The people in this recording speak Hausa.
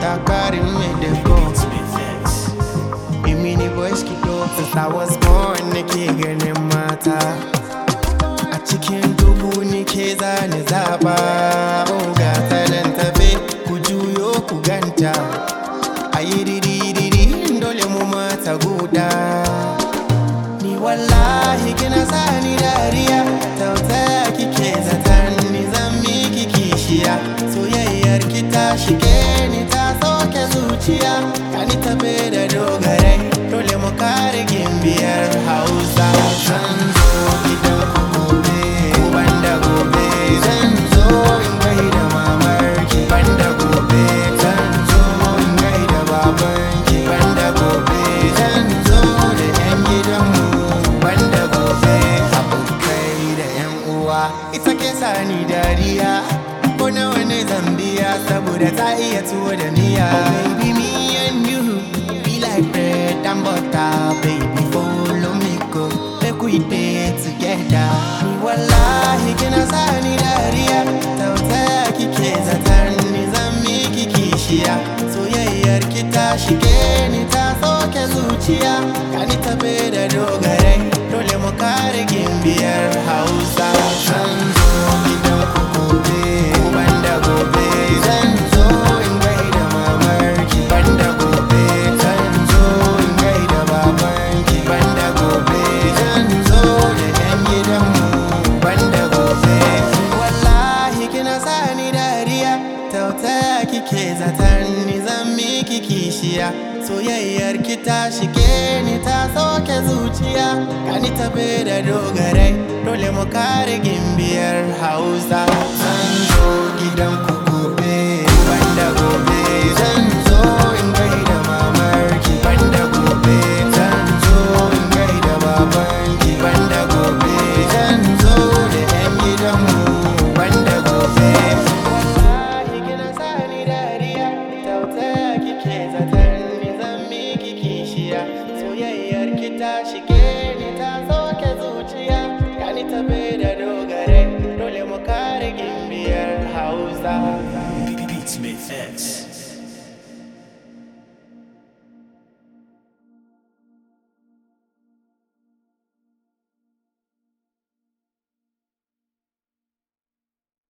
Takari mmedeco mimi ni boys kidogo since I wallahi kina sani dariya tautaya kike zatar ni zan miki kishiya soyayyar ki ta shige ni ta sauke zuciya ka ni tabe da dogarai dole mu kare gimbiyar hausa zan zo gidan gobe ko gobe zan zo gobe zan zo gobe zan zo kowa ita ke sani dariya ko na wani saboda ta iya tuwo da niya baby me and you be like bread and butter baby follow me go make we dey together wallahi kina sani dariya tautaya kike zatar ni zan miki soyayyar ki ta shige ni ta soke zuciya ka tabe da dogare ke zatar ni zan miki kishiya soyayyar ki ta shige ni ta soke zuciya ni tafe da dogarai dole mu kare gimbiyar hausa zan zo gidan ku gobe ne zatar mi zan miki kishiya soyayyar ki ta shige ni ta soke zuciya ya ni tabe da dogare dole mu kare gimbiyar hausa Beats